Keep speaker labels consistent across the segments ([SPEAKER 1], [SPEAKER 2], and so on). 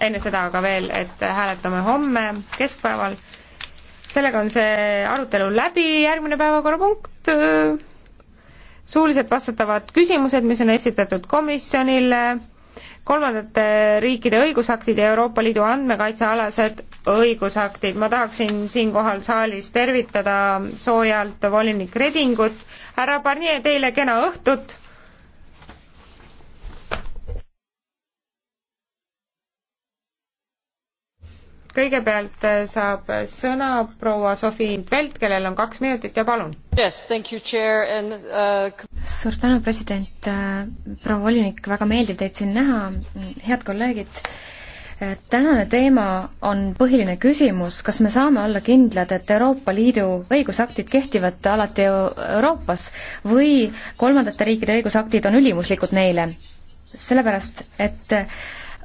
[SPEAKER 1] enne seda aga veel, et hääletame homme keskpäeval. sellega on see arutelu läbi, järgmine päevakorrapunkt, äh, suuliselt vastatavad küsimused, mis on esitatud komisjonile, kolmandate riikide õigusaktid ja Euroopa Liidu andmekaitsealased õigusaktid. ma tahaksin siinkohal saalis tervitada soojalt volinik Redingut. härra Barnier, teile kena õhtut! kõigepealt äh, saab sõna
[SPEAKER 2] proua Sofi Intvelt, kellel
[SPEAKER 1] on kaks minutit ja palun yes,. Uh...
[SPEAKER 2] suur tänu, president, äh, proua volinik, väga meeldiv teid siin näha, head kolleegid äh, tänane teema on põhiline küsimus, kas me saame olla kindlad, et Euroopa Liidu õigusaktid kehtivad alati Euroopas või kolmandate riikide õigusaktid on ülimuslikud neile? sellepärast, et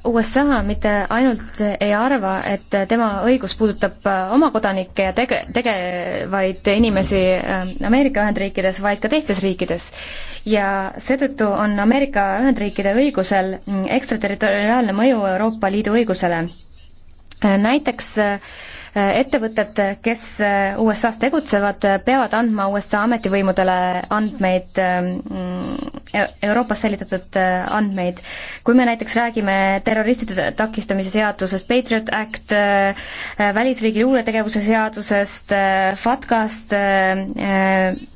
[SPEAKER 2] USA mitte ainult ei arva, et tema õigus puudutab äh, oma kodanikke ja tege-, tegevaid inimesi ähm, Ameerika Ühendriikides, vaid ka teistes riikides. ja seetõttu on Ameerika Ühendriikide õigusel mm, ekstraterritoriaalne mõju Euroopa Liidu õigusele Äh, näiteks äh, ettevõtted, kes äh, USA-s tegutsevad, peavad andma USA ametivõimudele andmeid, ähm, e-, Euroopas säilitatud andmeid. kui me näiteks räägime terroristide takistamise seadusest, Patriot Act, välisriigi luuretegevuse seadusest, FATCast,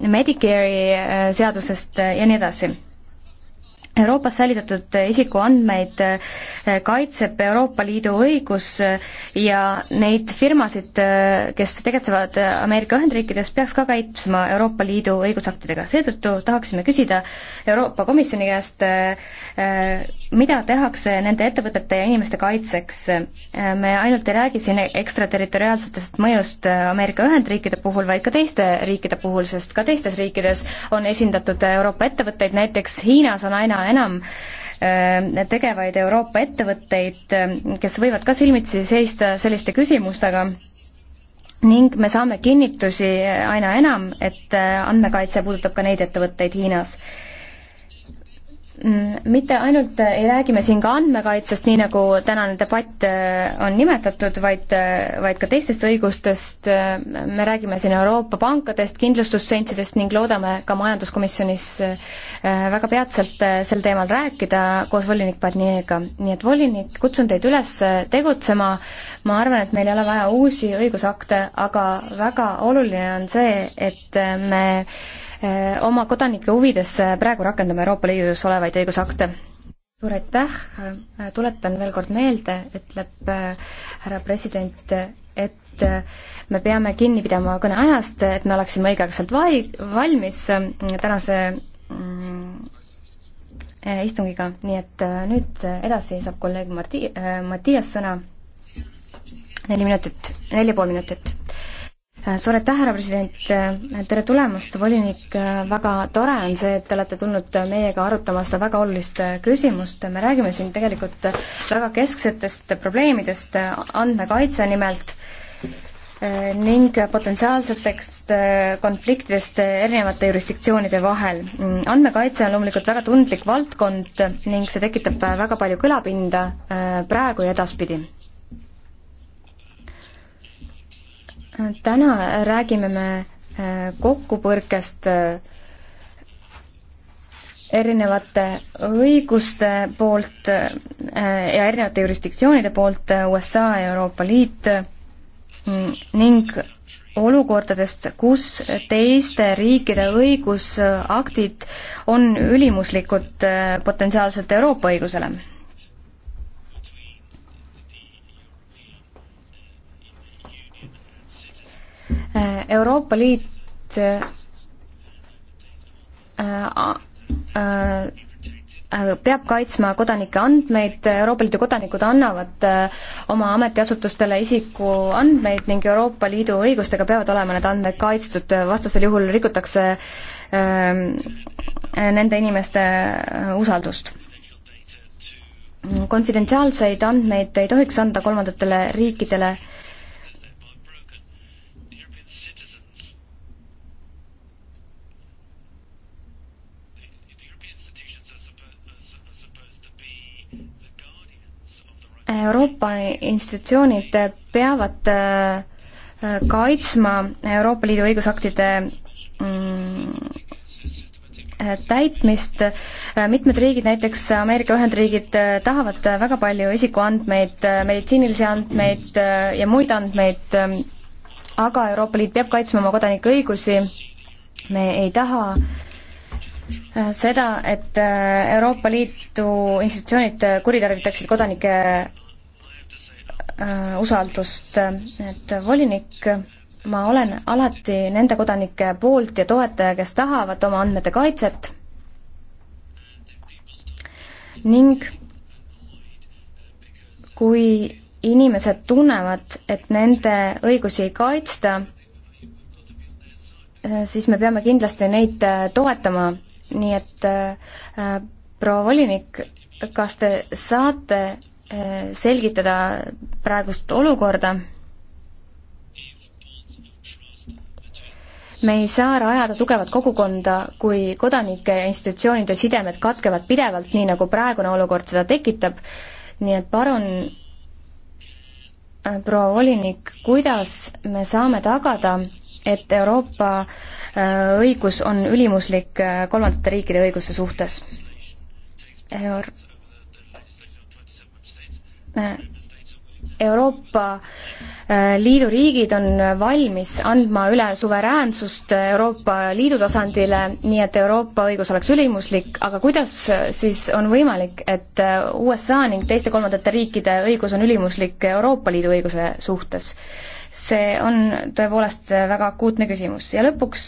[SPEAKER 2] Medicare'i seadusest ja nii edasi Euroopas säilitatud isikuandmeid eh, kaitseb Euroopa Liidu õigus eh, ja neid firmasid, eh, kes tegutsevad Ameerika Ühendriikides, peaks ka kaitsma Euroopa Liidu õigusaktidega. seetõttu tahaksime küsida Euroopa Komisjoni käest mida tehakse nende ettevõtete ja inimeste kaitseks? me ainult ei räägi siin ekstraterritoriaalsetest mõjust Ameerika Ühendriikide puhul, vaid ka teiste riikide puhul, sest ka teistes riikides on esindatud Euroopa ettevõtteid, näiteks Hiinas on aina enam äh, tegevaid Euroopa ettevõtteid, kes võivad ka silmitsi seista selliste küsimustega ning me saame kinnitusi aina enam, et äh, andmekaitse puudutab ka neid ettevõtteid Hiinas Mm, mitte ainult äh, ei räägi me siin ka andmekaitsest, nii nagu tänane debatt äh, on nimetatud, vaid, äh, vaid ka teistest õigustest, me räägime siin Euroopa pankadest, kindlustussentsidest ning loodame ka majanduskomisjonis väga peatselt sel teemal rääkida koos volinik Barnier'ga. nii et volinik, kutsun teid üles tegutsema, ma arvan, et meil ei ole vaja uusi õigusakte, aga väga oluline on see, et me Eh, oma kodanike huvides eh, praegu rakendame Euroopa Liidus olevaid õigusakte. suur aitäh, eh, tuletan veel kord meelde, ütleb härra president, et me peame kinni pidama kõneajast, et me oleksime õigeaegselt vai-, valmis tänase mm, istungiga, nii et nüüd edasi saab kolleeg Marti-, Mattias sõna neli minutit, neli ja pool minutit Äh, suur aitäh, härra president, äh, tere tulemast, volinik, äh, väga tore on see, et te olete tulnud meiega arutama seda väga olulist küsimust, me räägime siin tegelikult väga kesksetest probleemidest andmekaitse nimelt ning potentsiaalsetest konfliktidest erinevate jurisdiktsioonide vahel. Mm, andmekaitse on loomulikult väga tundlik valdkond ning see tekitab väga palju kõlapinda praegu ja edaspidi täna räägime me äh, kokkupõrkest äh, erinevate õiguste poolt äh, ja erinevate jurisdiktsioonide poolt USA ja Euroopa Liit mm, ning olukordadest, kus teiste riikide õigusaktid on ülimuslikud potentsiaalselt Euroopa õigusele Äh, Euroopa Liit äh, äh, peab kaitsma kodanike andmeid, Euroopa Liidu kodanikud annavad oma ametiasutustele isikuandmeid ning Euroopa Liidu õigustega peavad olema need andmed kaitstud, vastasel juhul rikutakse nende inimeste usaldust. konfidentsiaalseid andmeid ei tohiks anda kolmandatele riikidele äh, Euroopa institutsioonid peavad äh, kaitsma Euroopa Liidu õigusaktide mm, täitmist, äh, mitmed riigid, näiteks Ameerika Ühendriigid, äh, tahavad väga palju isikuandmeid, meditsiinilisi andmeid ja muid andmeid, ähm, aga Euroopa Liit peab kaitsma oma kodanike õigusi, me ei taha äh, Äh, seda, et äh, Euroopa Liidu institutsioonid äh, kuritarvitaksid kodanike usaldust, et volinik, ma olen alati nende kodanike poolt ja toetaja, kes tahavad oma andmete kaitset ning kui inimesed tunnevad, et nende õigusi ei kaitsta, siis me peame kindlasti neid toetama nii et äh, äh, proua volinik, kas te saate äh, selgitada praegust olukorda? me ei saa rajada tugevat kogukonda, kui kodanike ja institutsioonide sidemed katkevad pidevalt, nii nagu praegune olukord seda tekitab, nii et palun, proua volinik, kuidas me saame tagada, et Euroopa äh, õigus on ülimuslik äh, kolmandate riikide õiguse suhtes Euro. Äh, Euroopa Liidu riigid on valmis andma üle suveräänsust Euroopa Liidu tasandile, nii et Euroopa õigus oleks ülimuslik, aga kuidas siis on võimalik, et USA ning teiste kolmandate riikide õigus on ülimuslik Euroopa Liidu õiguse suhtes? see on tõepoolest väga akuutne küsimus ja lõpuks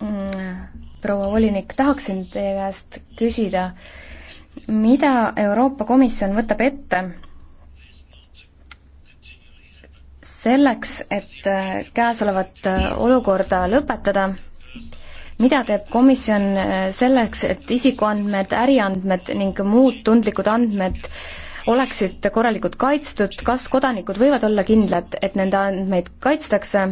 [SPEAKER 2] mm, proua volinik, tahaksin teie käest küsida, mida Euroopa Komisjon võtab ette selleks, et äh, käesolevat äh, olukorda lõpetada, mida teeb komisjon äh, selleks, et isikuandmed, äriandmed ning muud tundlikud andmed äh, oleksid korralikult kaitstud, kas kodanikud võivad olla kindlad, et nende andmeid kaitstakse?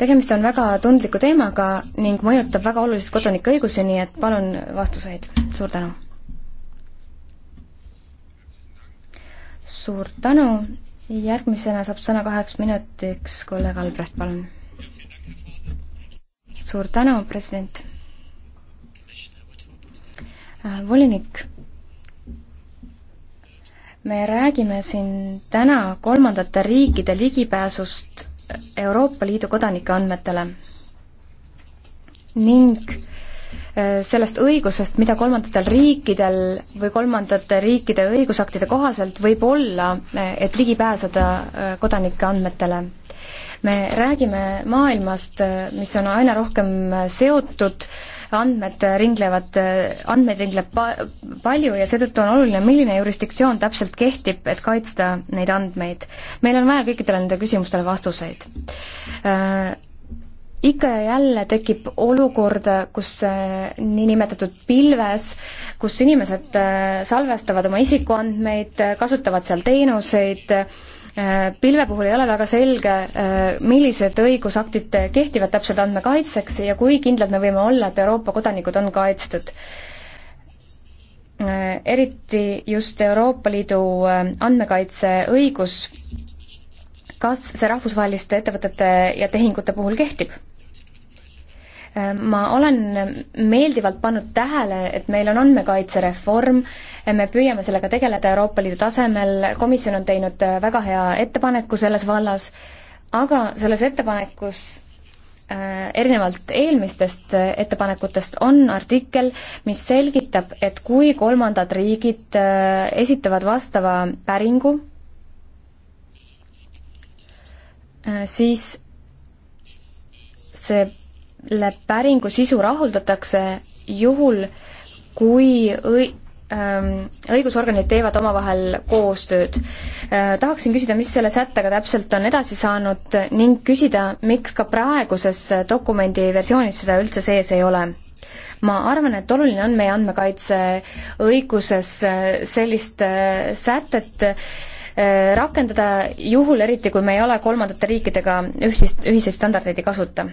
[SPEAKER 2] tegemist on väga tundliku teemaga ning mõjutab väga oluliselt kodanike õigusi, nii et palun vastuseid, suur tänu! suur tänu, järgmisena saab sõna kaheks minutiks kolleeg Albrecht, palun. suur tänu, president. Äh, volinik me räägime siin täna kolmandate riikide ligipääsust Euroopa Liidu kodanike andmetele ning sellest õigusest, mida kolmandatel riikidel või kolmandate riikide õigusaktide kohaselt võib olla, et ligi pääseda äh, kodanike andmetele. me räägime maailmast, äh, mis on aina rohkem äh, seotud, andmed ringlevad, andmeid ringleb pa-, palju ja seetõttu on oluline, milline jurisdiktsioon täpselt kehtib, et kaitsta neid andmeid. meil on vaja kõikidele nendele küsimustele vastuseid ikka ja jälle tekib olukord, kus äh, niinimetatud pilves, kus inimesed äh, salvestavad oma isikuandmeid, äh, kasutavad seal teenuseid, pilve puhul ei ole väga selge, millised õigusaktid kehtivad täpselt andmekaitseks ja kui kindlad me võime olla, et Euroopa kodanikud on kaitstud. eriti just Euroopa Liidu andmekaitseõigus, kas see rahvusvaheliste ettevõtete ja tehingute puhul kehtib? ma olen meeldivalt pannud tähele, et meil on andmekaitsereform, me püüame sellega tegeleda Euroopa Liidu tasemel, komisjon on teinud väga hea ettepaneku selles vallas, aga selles ettepanekus äh, erinevalt eelmistest ettepanekutest on artikkel, mis selgitab, et kui kolmandad riigid äh, esitavad vastava päringu, äh, siis see kelle päringu sisu rahuldatakse juhul, kui õi-, ähm, õigusorganid teevad omavahel koostööd. Äh, tahaksin küsida, mis selle sättega täpselt on edasi saanud ning küsida, miks ka praeguses dokumendi versioonis seda üldse sees ei ole. ma arvan, et oluline on meie andmekaitse õiguses äh, sellist äh, sätet rakendada juhul, eriti kui me ei ole kolmandate riikidega ühist, ühiseid standardeid ei kasuta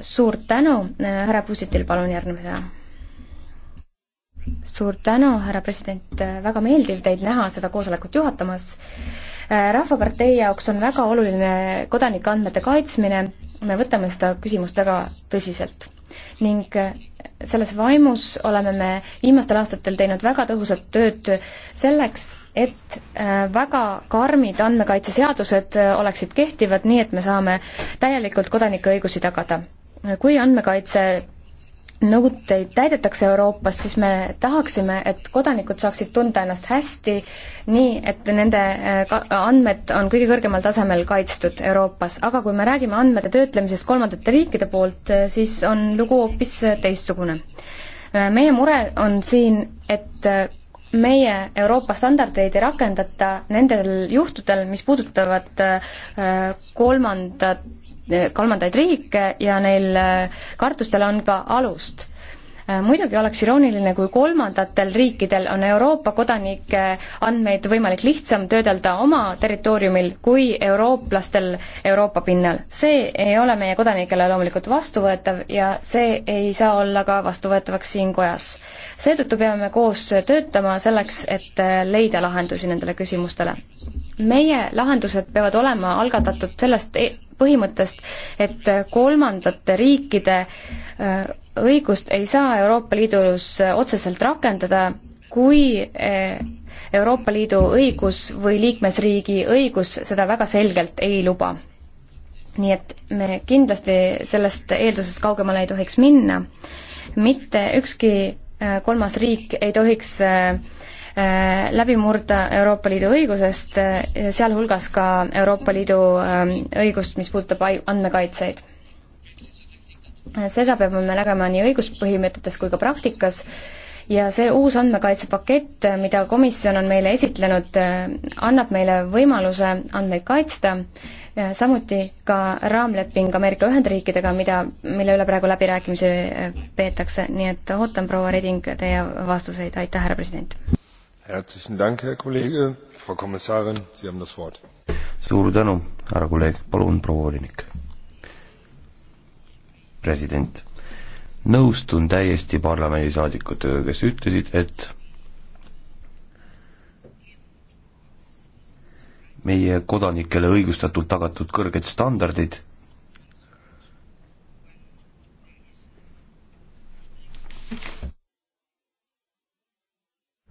[SPEAKER 2] suur tänu, äh, härra Puusitil palun järgmisena. suur tänu, härra president, äh, väga meeldiv teid näha seda koosolekut juhatamas. Äh, rahvapartei jaoks on väga oluline kodanike andmete kaitsmine, me võtame seda küsimust väga tõsiselt ning selles vaimus oleme me viimastel aastatel teinud väga tõhusat tööd selleks, et väga karmid andmekaitseseadused oleksid kehtivad, nii et me saame täielikult kodanikuõigusi tagada kui andmekaitse nõuteid täidetakse Euroopas, siis me tahaksime, et kodanikud saaksid tunda ennast hästi, nii et nende äh, andmed on kõige kõrgemal tasemel kaitstud Euroopas, aga kui me räägime andmete töötlemisest kolmandate riikide poolt, äh, siis on lugu hoopis äh, teistsugune. meie mure on siin, et meie Euroopa standardeid ei rakendata nendel juhtudel, mis puudutavad kolmandat kolmandaid riike ja neil äh, kartustel on ka alust. Äh, muidugi oleks irooniline, kui kolmandatel riikidel on Euroopa kodanike andmeid võimalik lihtsam töödelda oma territooriumil kui eurooplastel Euroopa pinnal. see ei ole meie kodanikele loomulikult vastuvõetav ja see ei saa olla ka vastuvõetavaks siin kojas. seetõttu peame koos töötama selleks, et äh, leida lahendusi nendele küsimustele meie lahendused peavad olema algatatud sellest e- põhimõttest, et kolmandate riikide äh, õigust ei saa Euroopa Liidus äh, otseselt rakendada, kui äh, Euroopa Liidu õigus või liikmesriigi õigus seda väga selgelt ei luba. nii et me kindlasti sellest eeldusest kaugemale ei tohiks minna, mitte ükski kolmas riik ei tohiks äh, Äh, läbimurde Euroopa Liidu õigusest, äh, sealhulgas ka Euroopa Liidu ähm, õigust, mis puudutab andmekaitseid. seda peame me nägema nii õiguspõhimõtetes kui ka praktikas ja see uus andmekaitsepakett, äh, mida komisjon on meile esitlenud, annab meile võimaluse andmeid kaitsta, samuti ka raamleping Ameerika Ühendriikidega, mida, mille üle praegu läbirääkimisi peetakse, nii et ootan, proua Reding, teie vastuseid, aitäh, härra
[SPEAKER 3] president! Herzlichen Dank, Herr Kollege. Frau Kommissarin, Sie haben das Wort. suur tänu, härra kolleeg, palun, proua volinik. president, nõustun täiesti parlamendisaadikutega, kes ütlesid, et meie kodanikele õigustatult tagatud kõrged standardid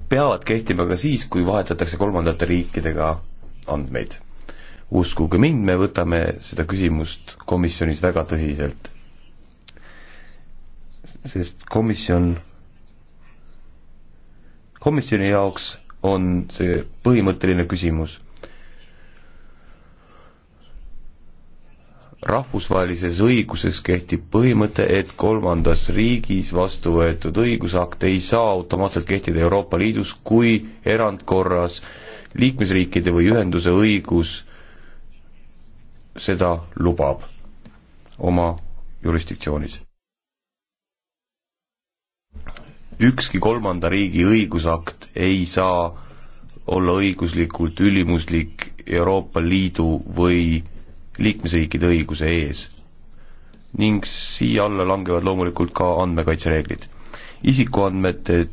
[SPEAKER 3] peavad kehtima ka siis, kui vahetatakse kolmandate riikidega andmeid. uskuge mind, me võtame seda küsimust komisjonis väga tõsiselt. sest komisjon, komisjoni jaoks on see põhimõtteline küsimus rahvusvahelises õiguses kehtib põhimõte, et kolmandas riigis vastu võetud õigusakt ei saa automaatselt kehtida Euroopa Liidus, kui erandkorras liikmesriikide või ühenduse õigus seda lubab oma jurisdiktsioonis. ükski kolmanda riigi õigusakt ei saa olla õiguslikult ülimuslik Euroopa Liidu või liikmesriikide õiguse ees. ning siia alla langevad loomulikult ka andmekaitsereeglid. isikuandmete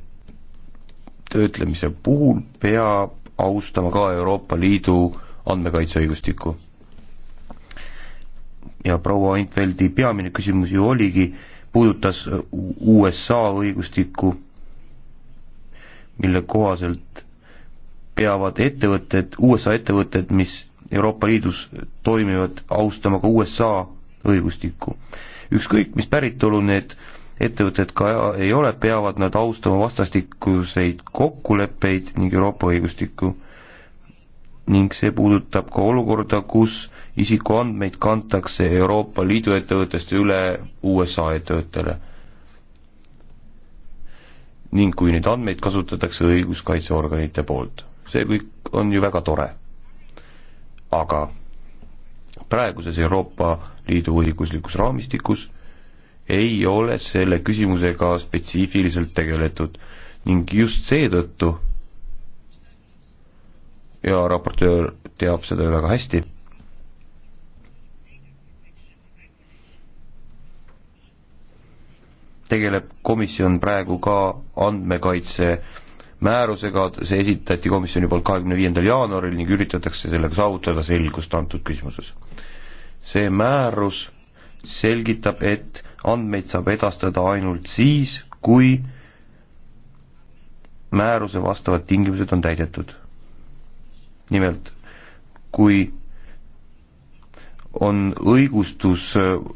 [SPEAKER 3] töötlemise puhul peab austama ka Euroopa Liidu andmekaitseõigustikku. ja proua Intveldi peamine küsimus ju oligi, puudutas USA õigustikku, mille kohaselt peavad ettevõtted, USA ettevõtted, mis Euroopa Liidus toimivad, austama ka USA õigustikku. ükskõik, mis päritolu need ettevõtted ka ei ole, peavad nad austama vastastikuseid kokkuleppeid ning Euroopa õigustikku. ning see puudutab ka olukorda, kus isikuandmeid kantakse Euroopa Liidu ettevõttest üle USA ettevõttele. ning kui neid andmeid kasutatakse õiguskaitseorganite poolt. see kõik on ju väga tore aga praeguses Euroopa Liidu õiguslikus raamistikus ei ole selle küsimusega spetsiifiliselt tegeletud ning just seetõttu ja raportöör teab seda väga hästi, tegeleb komisjon praegu ka andmekaitse määrusega, see esitati komisjoni poolt kahekümne viiendal jaanuaril ning üritatakse sellega saavutada selgust antud küsimuses. see määrus selgitab, et andmeid saab edastada ainult siis, kui määruse vastavad tingimused on täidetud. nimelt, kui on õigustus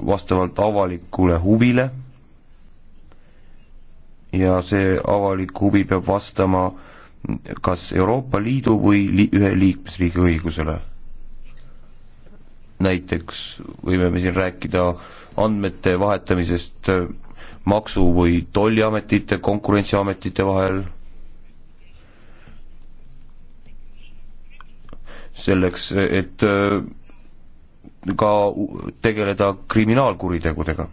[SPEAKER 3] vastavalt avalikule huvile ja see avalik huvi peab vastama kas Euroopa Liidu või li ühe liikmesriigi õigusele. näiteks võime me siin rääkida andmete vahetamisest maksu- või tolliametite, konkurentsiametite vahel, selleks, et ka tegeleda kriminaalkuritegudega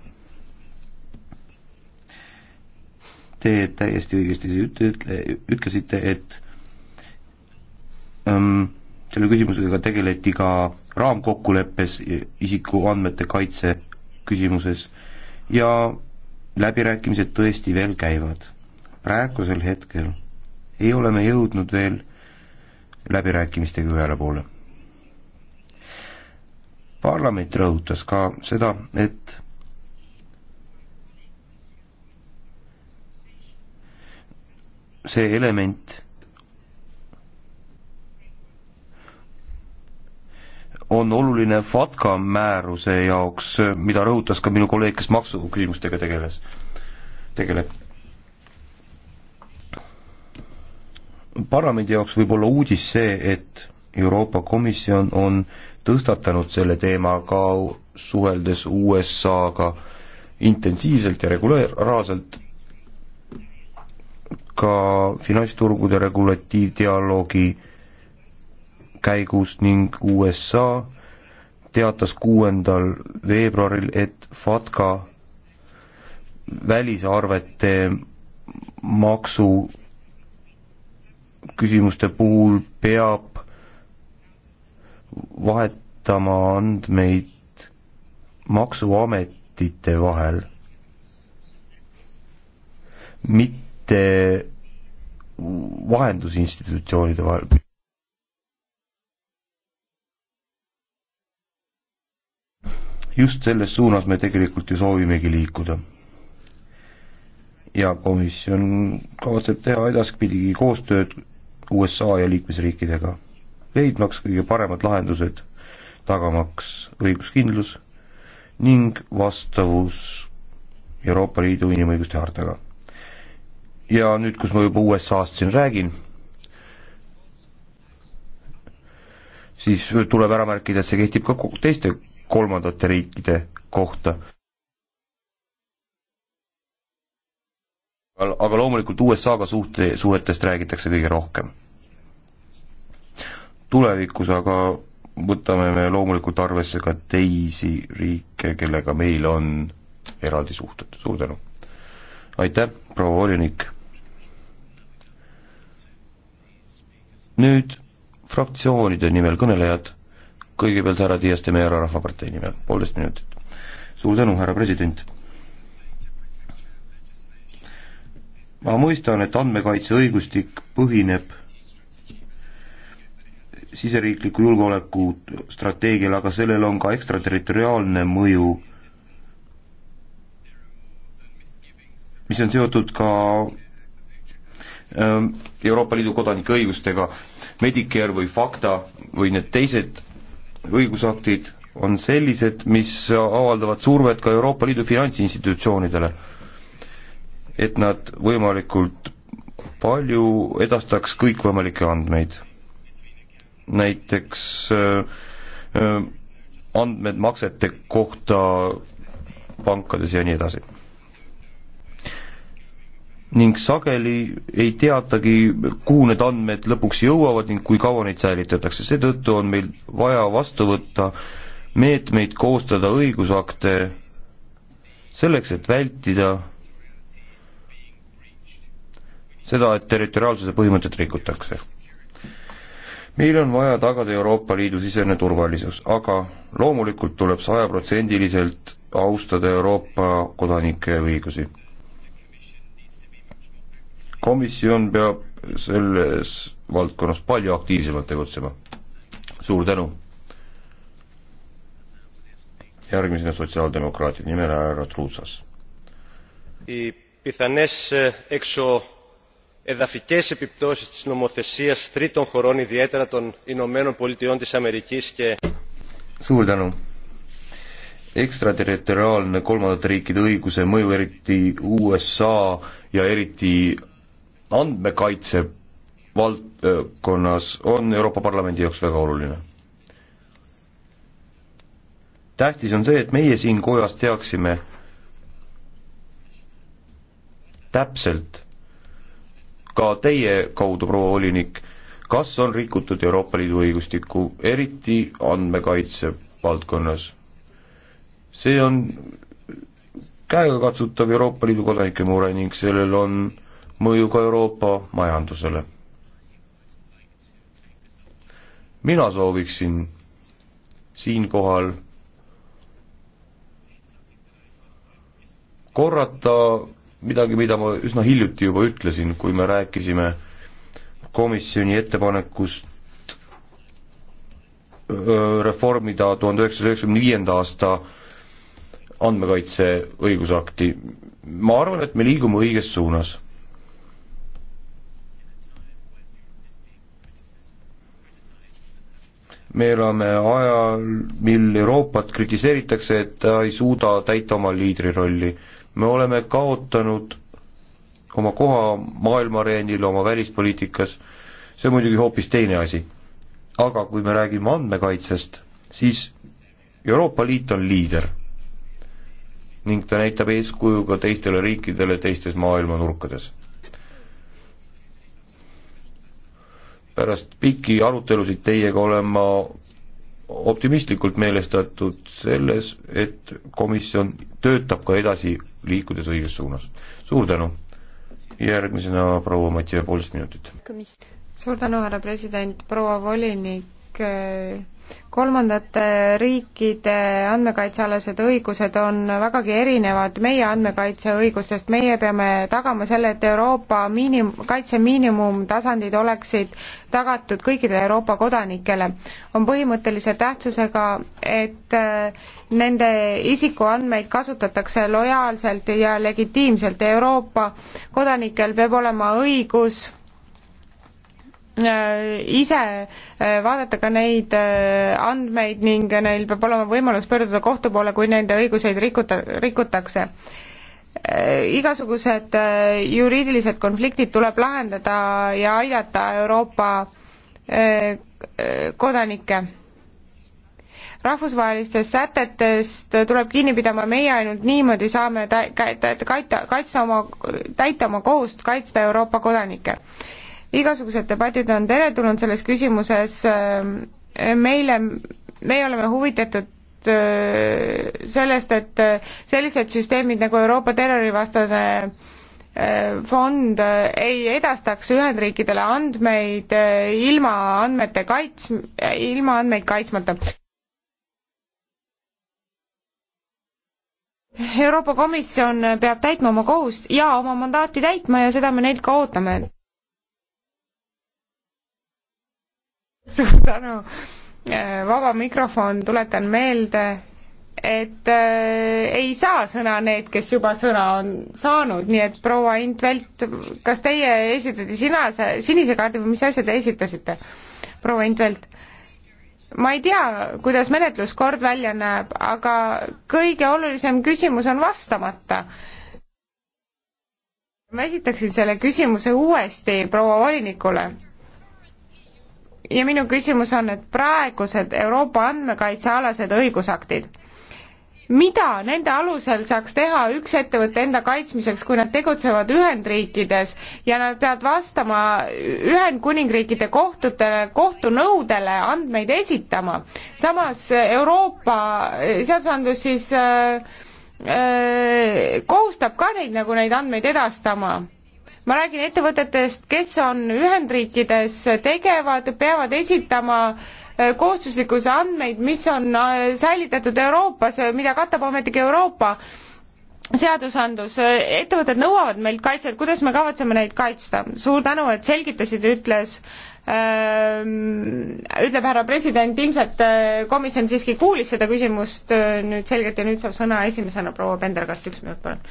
[SPEAKER 3] Te täiesti õigesti ütle, ütlesite, et ähm, selle küsimusega tegeleti ka raamkokkuleppes isikuandmete kaitse küsimuses ja läbirääkimised tõesti veel käivad. praegusel hetkel ei ole me jõudnud veel läbirääkimistega ühele poole. parlament rõhutas ka seda, et see element on oluline FATCA määruse jaoks, mida rõhutas ka minu kolleeg, kes maksuküsimustega tegeles, tegeleb. parlamendi jaoks võib olla uudis see, et Euroopa Komisjon on tõstatanud selle teema ka suheldes USA-ga intensiivselt ja regulaarselt ka finantsturgude regulatiivdialoogi käigus ning USA teatas kuuendal veebruaril, et FATCA välisarvete maksu küsimuste puhul peab vahetama andmeid maksuametite vahel. mit-, mitte vahendus institutsioonide vahel. just selles suunas me tegelikult ju soovimegi liikuda. ja komisjon kavatseb teha edaspidigi koostööd USA ja liikmesriikidega, leidmaks kõige paremad lahendused, tagamaks õiguskindlus ning vastavus Euroopa Liidu inimõiguste hartaga ja nüüd, kus ma juba USA-st siin räägin, siis tuleb ära märkida, et see kehtib ka teiste kolmandate riikide kohta. aga loomulikult USA-ga suhte, suhetest räägitakse kõige rohkem. tulevikus aga võtame me loomulikult arvesse ka teisi riike, kellega meil on eraldi suhted, suur tänu! aitäh, proua volinik! nüüd fraktsioonide nimel kõnelejad, kõigepealt härra Dias de Meera Rahvapartei nimel, poolteist minutit. suur tänu, härra president! ma mõistan, et andmekaitseõigustik põhineb siseriikliku julgeoleku strateegial, aga sellel on ka ekstraterritoriaalne mõju, mis on seotud ka Ähm, Euroopa Liidu kodanike õigustega, Medicare või FACTA või need teised õigusaktid on sellised, mis avaldavad survet ka Euroopa Liidu finantsinstitutsioonidele, et nad võimalikult palju edastaks kõikvõimalikke andmeid. näiteks äh, äh, andmed maksete kohta pankades ja nii edasi ning sageli ei teatagi, kuhu need andmed lõpuks jõuavad ning kui kaua neid säilitatakse, seetõttu on meil vaja vastu võtta meetmeid, koostada õigusakte selleks, et vältida seda, et territoriaalsuse põhimõtet rikutakse. meil on vaja tagada Euroopa Liidu sisene turvalisus, aga loomulikult tuleb sajaprotsendiliselt austada Euroopa kodanike õigusi komisjon peab selles valdkonnas palju aktiivsemalt tegutsema. suur tänu! järgmisena sotsiaaldemokraatide nimel härra Truusas. πιθανές εξωεδαφικές επιπτώσεις της νομοθεσίας τρίτων χωρών, ιδιαίτερα των Ηνωμένων Πολιτειών της Αμερικής και... Suur tänu! ekstraterritoriaalne kolmandate riikide õiguse mõju, eriti USA ja eriti andmekaitse valdkonnas on Euroopa Parlamendi jaoks väga oluline. tähtis on see, et meie siin kojas teaksime täpselt, ka teie kaudu, proua volinik, kas on rikutud Euroopa Liidu õigustikku, eriti andmekaitse valdkonnas? see on käegakatsutav Euroopa Liidu kodanike mure ning sellel on äh, mõju ka Euroopa majandusele. mina sooviksin siinkohal korrata midagi, mida ma üsna hiljuti juba ütlesin, kui me rääkisime komisjoni ettepanekust reformida tuhande üheksasaja üheksakümne viienda aasta andmekaitse õigusakti. ma arvan, et me liigume õiges suunas me elame ajal, mil Euroopat kritiseeritakse, et ta ei suuda täita oma liidrirolli. me oleme kaotanud oma koha maailma areenil, oma välispoliitikas, see on muidugi hoopis teine asi. aga kui me räägime andmekaitsest, siis Euroopa Liit on liider ning ta näitab eeskuju ka teistele riikidele teistes maailma nurkades pärast pikki arutelusid teiega olen ma optimistlikult meelestatud selles, et komisjon töötab ka edasi, liikudes õiges suunas. suur tänu! järgmisena proua Mati ja poolteist minutit.
[SPEAKER 1] suur tänu, härra president, proua volinik, kolmandate riikide andmekaitsealased õigused on vägagi erinevad meie andmekaitseõigustest, meie peame tagama selle, et Euroopa miinim-, kaitse miinimumtasandid oleksid tagatud kõikidele Euroopa kodanikele. on põhimõttelise tähtsusega, et äh, nende isikuandmeid kasutatakse lojaalselt ja legitiimselt, Euroopa kodanikel peab olema õigus Äh, ise äh, vaadata ka neid äh, andmeid ning neil peab olema võimalus pöörduda kohtu poole, kui nende õiguseid rikuta, rikutakse. igasugused juriidilised konfliktid tuleb lahendada ja aidata Euroopa kodanikke. rahvusvahelistest sätetest tuleb kinni pidama, meie ainult niimoodi saame ta-, kaita, kaitsta oma, täita oma kohust kaitsta Euroopa kodanikke igasugused debatid on teretulnud selles küsimuses, äh, meile, meie oleme huvitatud äh, sellest, et äh, sellised süsteemid nagu Euroopa terrorivastane fond ei edastaks Ühendriikidele andmeid ilma andmete kaits-, ilma andmeid kaitsmata. Euroopa Komisjon peab täitma oma kohust ja oma mandaati täitma ja seda me neilt ka ootame suur tänu. Äh, vaba mikrofon, tuletan meelde, et äh, ei saa sõna need, kes juba sõna on saanud, nii et proua Intvelt, kas teie esitati sina see sinise kaardi või mis asja te esitasite, proua Intvelt? ma ei tea, kuidas menetluskord välja näeb, aga kõige olulisem küsimus on vastamata. ma esitaksin selle küsimuse uuesti proua volinikule ja minu küsimus on, et praegused Euroopa andmekaitsealased õigusaktid, mida nende alusel saaks teha üks ettevõte enda kaitsmiseks, kui nad tegutsevad Ühendriikides ja nad peavad vastama Ühendkuningriikide kohtutele, kohtunõudele andmeid esitama. samas Euroopa seadusandlus siis äh, äh, kohustab ka neid nagu neid andmeid edastama ma räägin ettevõtetest, kes on Ühendriikides tegevad, peavad esitama eh, kohustuslikkuse andmeid, mis on eh, säilitatud Euroopas, eh, mida katab ometigi Euroopa seadusandlus, ettevõtted nõuavad meilt kaitset, kuidas me kavatseme neid kaitsta? suur tänu, et selgitasid, ütles ehm, ütleb härra president, ilmselt komisjon siiski kuulis seda küsimust nüüd selgelt ja nüüd saab sõna esimesena proua Pendergast, üks minut palun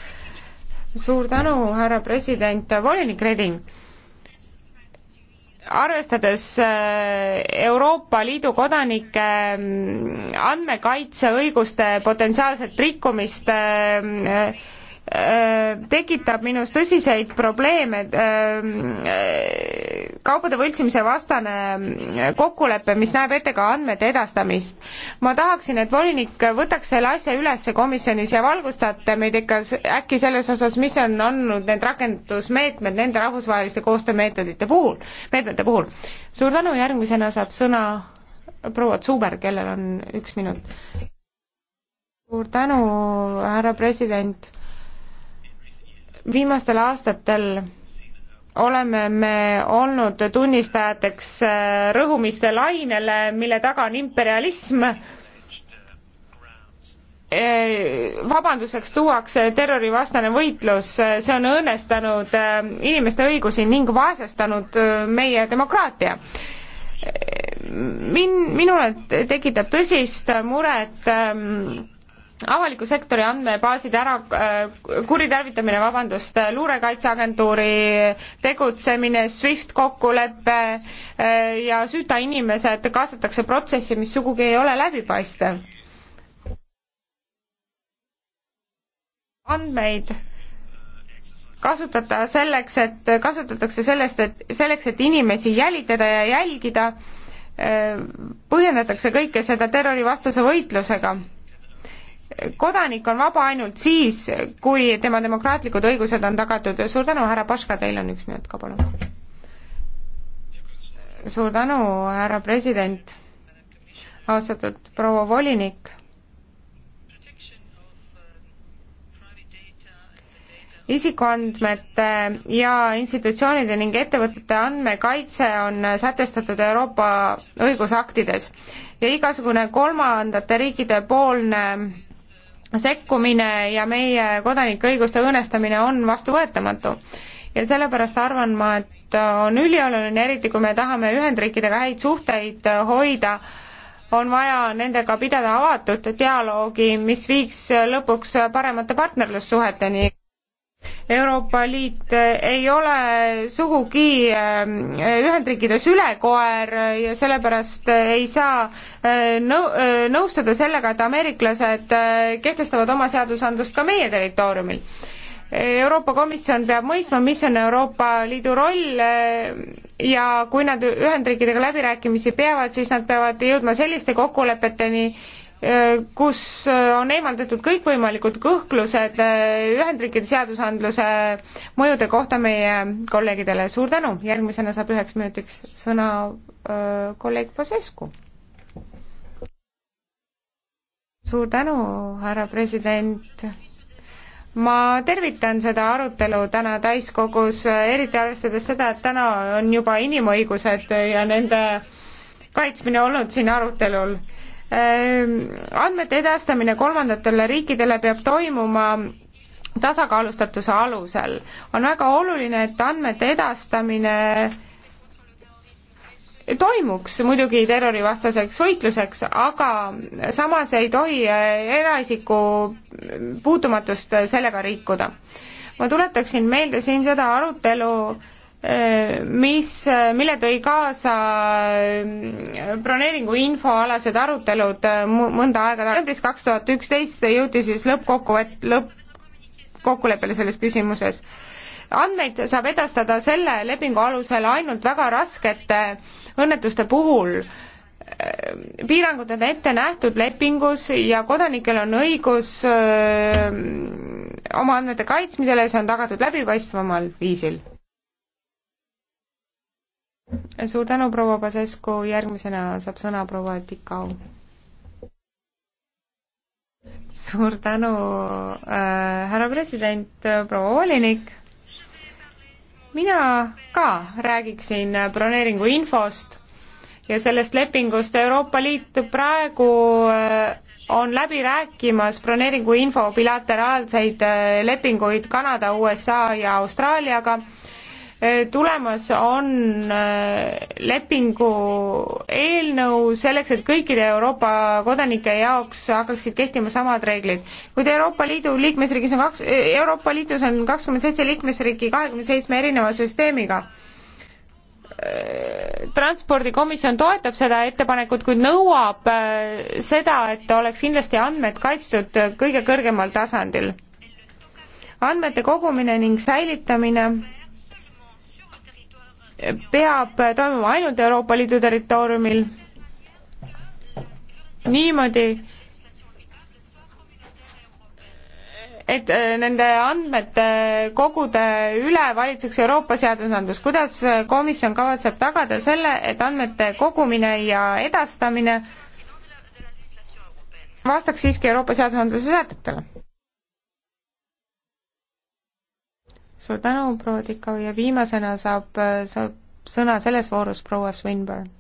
[SPEAKER 1] suur tänu, härra president, volinik Reding arvestades äh, Euroopa Liidu kodanike mm, andmekaitseõiguste potentsiaalset rikkumist äh, Äh, tekitab minus tõsiseid probleeme. Äh, äh, kaupade võltsimise vastane kokkulepe, mis näeb ette ka andmete edastamist. ma tahaksin, et volinik võtaks selle asja üles komisjonis ja valgustate meid ikka äkki selles osas, mis on olnud need rakendusmeetmed nende rahvusvaheliste koostöömeetodite puhul, meetmete puhul. suur tänu, järgmisena saab sõna proua Zuber, kellel on üks minut. suur tänu, härra president viimastel aastatel oleme me olnud tunnistajateks äh, rõhumiste lainele, mille taga on imperialism. Äh, vabanduseks tuuakse terrorivastane võitlus, äh, see on õõnestanud inimeste õigusi ning vaesestanud meie demokraatia min-, minule tekitab tõsist muret ähm, avaliku sektori andmebaaside ära äh, kuritarvitamine, vabandust, äh, luurekaitseagentuuri tegutsemine, SWIFT kokkulepe äh, ja süüta inimesed kaasatakse protsessi, mis sugugi ei ole läbipaistev. andmeid kasutada selleks, et kasutatakse sellest, et selleks, et inimesi jälitada ja jälgida, põhjendatakse kõike seda terrorivastase võitlusega kodanik on vaba ainult siis, kui tema demokraatlikud õigused on tagatud. suur tänu, härra Paška, teil on üks minut ka, palun. suur tänu, härra president, austatud proua volinik. isikuandmete ja institutsioonide ning ettevõtete andmekaitse on sätestatud Euroopa õigusaktides ja igasugune kolmandate riikide poolne sekkumine ja meie kodanikuõiguste õõnestamine on vastuvõetamatu. ja sellepärast arvan ma, et on ülioluline, eriti kui me tahame Ühendriikidega häid suhteid hoida, on vaja nendega pidada avatud dialoogi, mis viiks lõpuks paremate partnerlussuheteni Euroopa Liit äh, ei ole sugugi äh, Ühendriikides ülekoer äh, ja sellepärast ei saa nõu-, nõustuda sellega, et ameeriklased kehtestavad oma seadusandlust ka meie territooriumil. Euroopa Komisjon peab mõistma, mis on Euroopa Liidu roll ja kui nad Ühendriikidega läbirääkimisi peavad, siis nad peavad jõudma selliste kokkulepeteni, Äh, kus äh, on eemaldatud kõikvõimalikud kõhklused äh, Ühendriikide seadusandluse mõjude kohta meie kolleegidele. suur tänu, järgmisena saab üheks minutiks sõna öö, kolleeg Pasescu. suur tänu, härra president ma tervitan seda arutelu täna täiskogus, eriti arvestades seda, et täna on juba inimõigused ja nende kaitsmine olnud siin arutelul Ehm, andmete edastamine kolmandatele riikidele peab toimuma tasakaalustatuse alusel. on väga oluline, et andmete edastamine toimuks muidugi terrorivastaseks võitluseks, aga samas ei tohi eh, eraisiku puutumatust sellega rikkuda. ma tuletaksin meelde siin seda arutelu, mis, mille tõi kaasa ähm, broneeringu infoalased arutelud äh, mõnda aega tagasi, novembris kaks tuhat üksteist jõuti siis lõppkokkuvõtt, lõppkokkuleppele selles küsimuses. andmeid saab edastada selle lepingu alusel ainult väga raskete õnnetuste puhul, ähm, piirangud on ette nähtud lepingus ja kodanikel on õigus öö, ähm, oma andmete kaitsmisele, see on tagatud läbipaistvamal viisil suur tänu, proua Pasescu, järgmisena saab sõna proua Tikau. suur tänu äh,, härra president, proua volinik. mina ka räägiksin broneeringu infost ja sellest lepingust Euroopa Liit praegu äh, on läbi rääkimas broneeringu info bilateraalseid äh, lepinguid Kanada, USA ja Austraaliaga tulemas on äh, lepingu eelnõu selleks, et kõikide Euroopa kodanike jaoks hakkaksid kehtima samad reeglid. kuid Euroopa Liidu liikmesriigis on kaks, äh, Euroopa Liidus on kakskümmend seitse liikmesriiki kahekümne seitsme erineva süsteemiga äh, transpordikomisjon toetab seda ettepanekut, kuid nõuab seda, et oleks kindlasti andmed kaitstud kõige kõrgemal tasandil. andmete kogumine ning säilitamine peab toimuma ainult Euroopa Liidu territooriumil. niimoodi, et äh, nende andmete kogude üle valitseks Euroopa seadusandlus, kuidas komisjon kavatseb tagada selle, et andmete kogumine ja edastamine vastaks siiski Euroopa seadusandluse sätetele? suur tänu, proua Tikau, ja viimasena saab, saab sõna selles voorus proua Swinburne.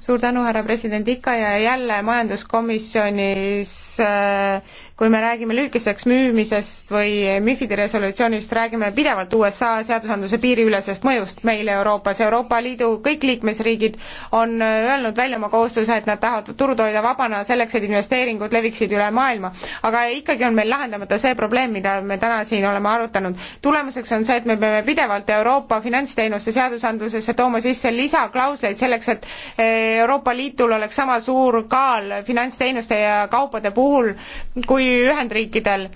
[SPEAKER 1] suur tänu, härra president, ikka ja jälle majanduskomisjonis äh, kui me räägime lühikeseks müümisest või MIFID-i resolutsioonist, räägime pidevalt USA seadusandluse piiriülesest mõjust meil Euroopas. Euroopa Liidu kõik liikmesriigid on öelnud välja oma kohustuse, et nad tahavad turud hoida vabana selleks, et investeeringud leviksid üle maailma. aga ikkagi on meil lahendamata see probleem, mida me täna siin oleme arutanud. tulemuseks on see, et me peame pidevalt Euroopa finantsteenuste seadusandlusesse tooma sisse lisaklausleid selleks, et eh, Euroopa Liidul oleks sama suur kaal finantsteenuste ja kaupade puhul, kui Ühendriikidel.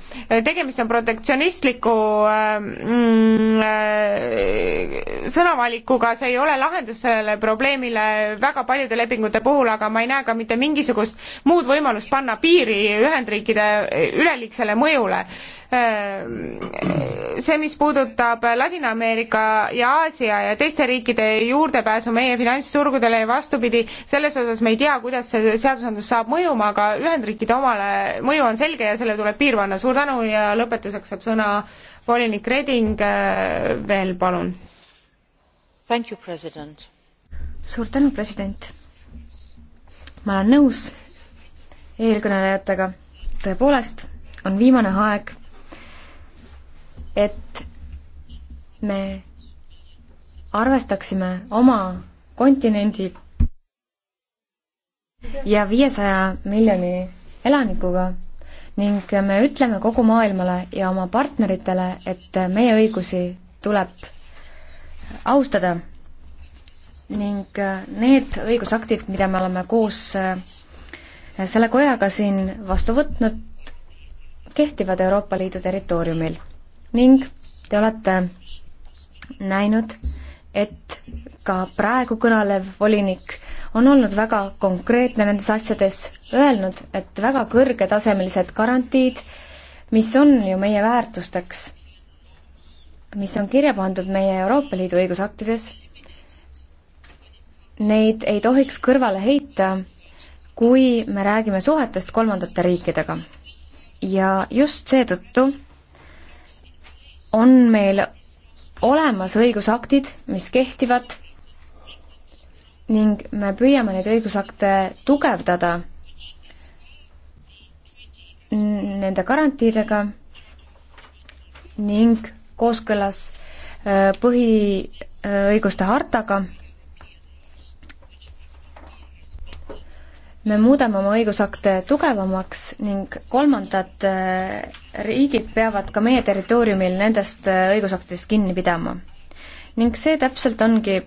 [SPEAKER 1] tegemist on protektsionistliku mm, sõnavalikuga, see ei ole lahendus sellele probleemile väga paljude lepingute puhul, aga ma ei näe ka mitte mingisugust muud võimalust panna piiri Ühendriikide üleliigsele mõjule Äh, see, mis puudutab Ladina-Ameerika ja Aasia ja teiste riikide juurdepääsu meie finantsturgudele ja vastupidi, selles osas me ei tea, kuidas see seadusandlus saab mõjuma, aga Ühendriikide omale mõju on selge ja selle tuleb piir panna. suur tänu ja lõpetuseks saab sõna volinik Reding äh, veel,
[SPEAKER 2] palun. suur tänu, president. ma olen nõus eelkõnelejatega, tõepoolest on viimane aeg et me arvestaksime oma kontinendi ja viiesaja miljoni elanikuga ning me ütleme kogu maailmale ja oma partneritele, et meie õigusi tuleb austada. ning need õigusaktid, mida me oleme koos äh, selle kojaga siin vastu võtnud, kehtivad Euroopa Liidu territooriumil ning te olete näinud, et ka praegu kõnelev volinik on olnud väga konkreetne nendes asjades, öelnud, et väga kõrgetasemelised garantiid, mis on ju meie väärtusteks, mis on kirja pandud meie Euroopa Liidu õigusaktides, neid ei tohiks kõrvale heita, kui me räägime suhetest kolmandate riikidega. ja just seetõttu on meil olemas õigusaktid, mis kehtivad ning me püüame neid õigusakte tugevdada nende garantiidega ning kooskõlas äh, põhiõiguste hartaga me muudame oma õigusakte tugevamaks ning kolmandad äh, riigid peavad ka meie territooriumil nendest äh, õigusaktidest kinni pidama. ning see täpselt ongi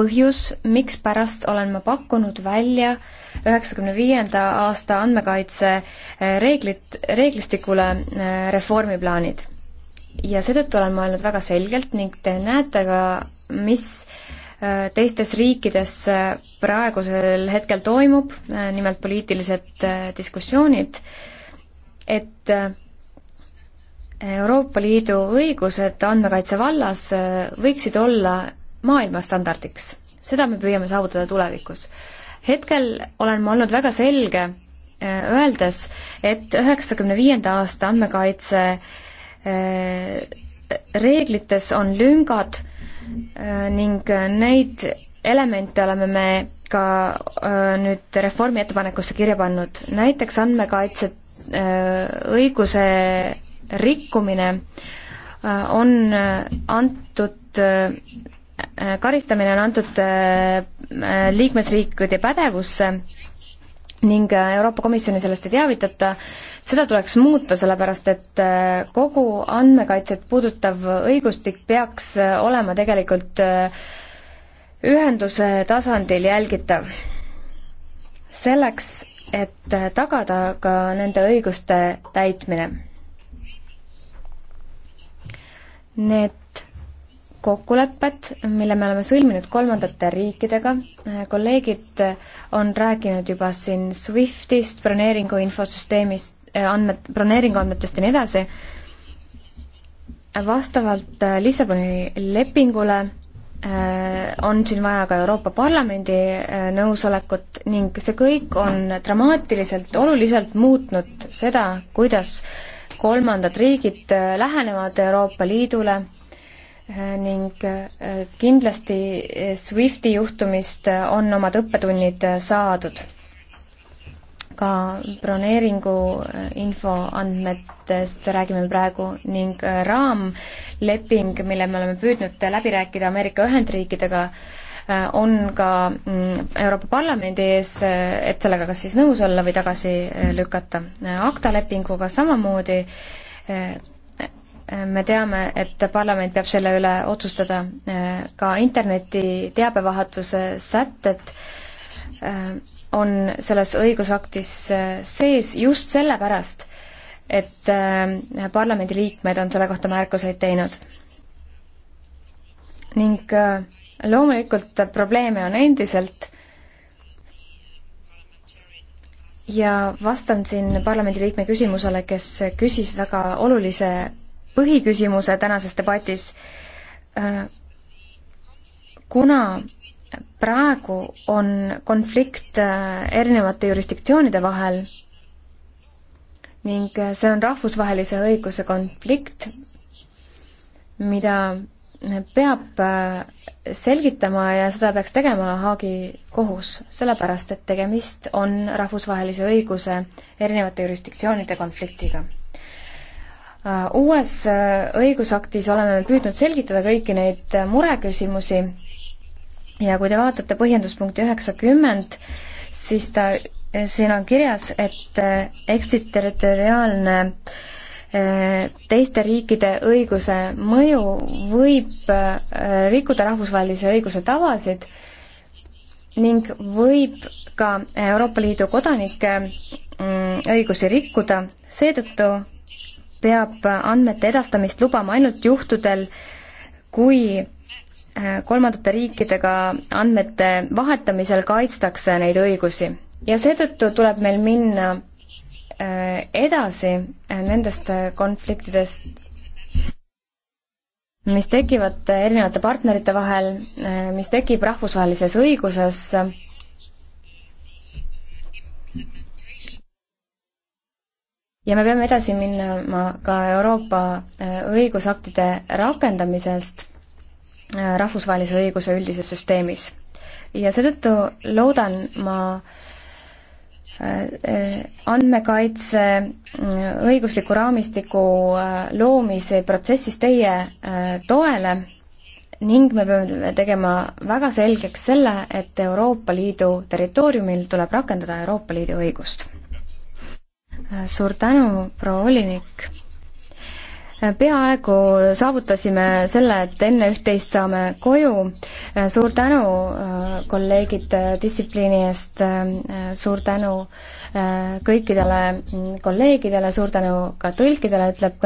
[SPEAKER 2] põhjus, mikspärast olen ma pakkunud välja üheksakümne viienda aasta andmekaitse äh, reeglit, reeglistikule reformiplaanid. ja seetõttu olen ma öelnud väga selgelt ning te näete ka, mis äh, teistes riikides praegusel hetkel toimub, nimelt poliitilised diskussioonid, et Euroopa Liidu õigused andmekaitse vallas võiksid olla maailmastandardiks. seda me püüame saavutada tulevikus. hetkel olen ma olnud väga selge, eh, öeldes, et üheksakümne viienda aasta andmekaitse eh, reeglites on lüngad, Äh, ning äh, neid elemente oleme me ka äh, nüüd reformi ettepanekusse kirja pannud, näiteks andmekaitse õiguse rikkumine on antud, karistamine on antud liikmesriikide pädevusse ning äh, Euroopa Komisjoni sellest ei teavitata, seda tuleks muuta, sellepärast et äh, kogu andmekaitset puudutav õigustik peaks äh, olema tegelikult ühenduse tasandil jälgitav. selleks, et tagada ka nende õiguste täitmine. Need kokkulepet, mille me oleme sõlminud kolmandate riikidega. kolleegid on rääkinud juba siin SWIFTist, broneeringu infosüsteemist, eh, andmed, broneeringu andmetest ja nii edasi. vastavalt eh, Lissaboni lepingule eh, on siin vaja ka Euroopa Parlamendi nõusolekut ning see kõik on dramaatiliselt, oluliselt muutnud seda, kuidas kolmandad riigid lähenevad Euroopa Liidule ning äh, kindlasti SWIFTi juhtumist äh, on omad õppetunnid äh, saadud. ka broneeringu infoandmetest räägime praegu ning raamleping, mille me oleme püüdnud läbi rääkida Ameerika Ühendriikidega, on ka mm, Euroopa Parlamendi ees, et sellega kas siis nõus olla või tagasi lükata. akta lepinguga samamoodi me teame, et parlament peab selle üle otsustada ka interneti teabevahetuse sätted äh, on selles õigusaktis äh, sees just sellepärast, et äh, parlamendiliikmed on selle kohta märkuseid teinud. ning loomulikult probleeme on endiselt ja vastan siin parlamendiliikme küsimusele, kes küsis väga olulise põhiküsimuse tänases debatis. Äh, kuna praegu on konflikt äh, erinevate jurisdiktsioonide vahel ning äh, see on rahvusvahelise õiguse konflikt, mida peab selgitama ja seda peaks tegema Haagi kohus, sellepärast et tegemist on rahvusvahelise õiguse erinevate jurisdiktsioonide konfliktiga Äh, uues äh, õigusaktis oleme püüdnud selgitada kõiki neid äh, mureküsimusi ja kui te vaatate põhjenduspunkti üheksakümmend, siis ta, siin on kirjas, et eksiterritoriaalne teiste riikide õiguse mõju võib rikkuda rahvusvahelise õiguse tavasid ning võib ka Euroopa Liidu kodanike mm, õigusi rikkuda, seetõttu peab andmete edastamist lubama ainult juhtudel, kui äh, kolmandate riikidega andmete vahetamisel kaitstakse neid õigusi. ja seetõttu tuleb meil minna äh, edasi äh, nendest konfliktidest, mis tekivad erinevate partnerite vahel, mis tekib rahvusvahelises õiguses ja me peame edasi minema ka Euroopa äh, õigusaktide rakendamisest äh, rahvusvahelise õiguse üldises süsteemis. ja seetõttu loodan ma äh, andmekaitse õigusliku raamistiku loomise protsessis teie toele ning me peame tegema väga selgeks selle, et Euroopa Liidu territooriumil tuleb rakendada Euroopa Liidu õigust suur tänu, proua volinik peaaegu saavutasime selle, et enne üht-teist saame koju. suur tänu, äh, kolleegid, äh, distsipliini eest, äh, suur tänu kõikidele kolleegidele, suur tänu ka tõlkidele, ütleb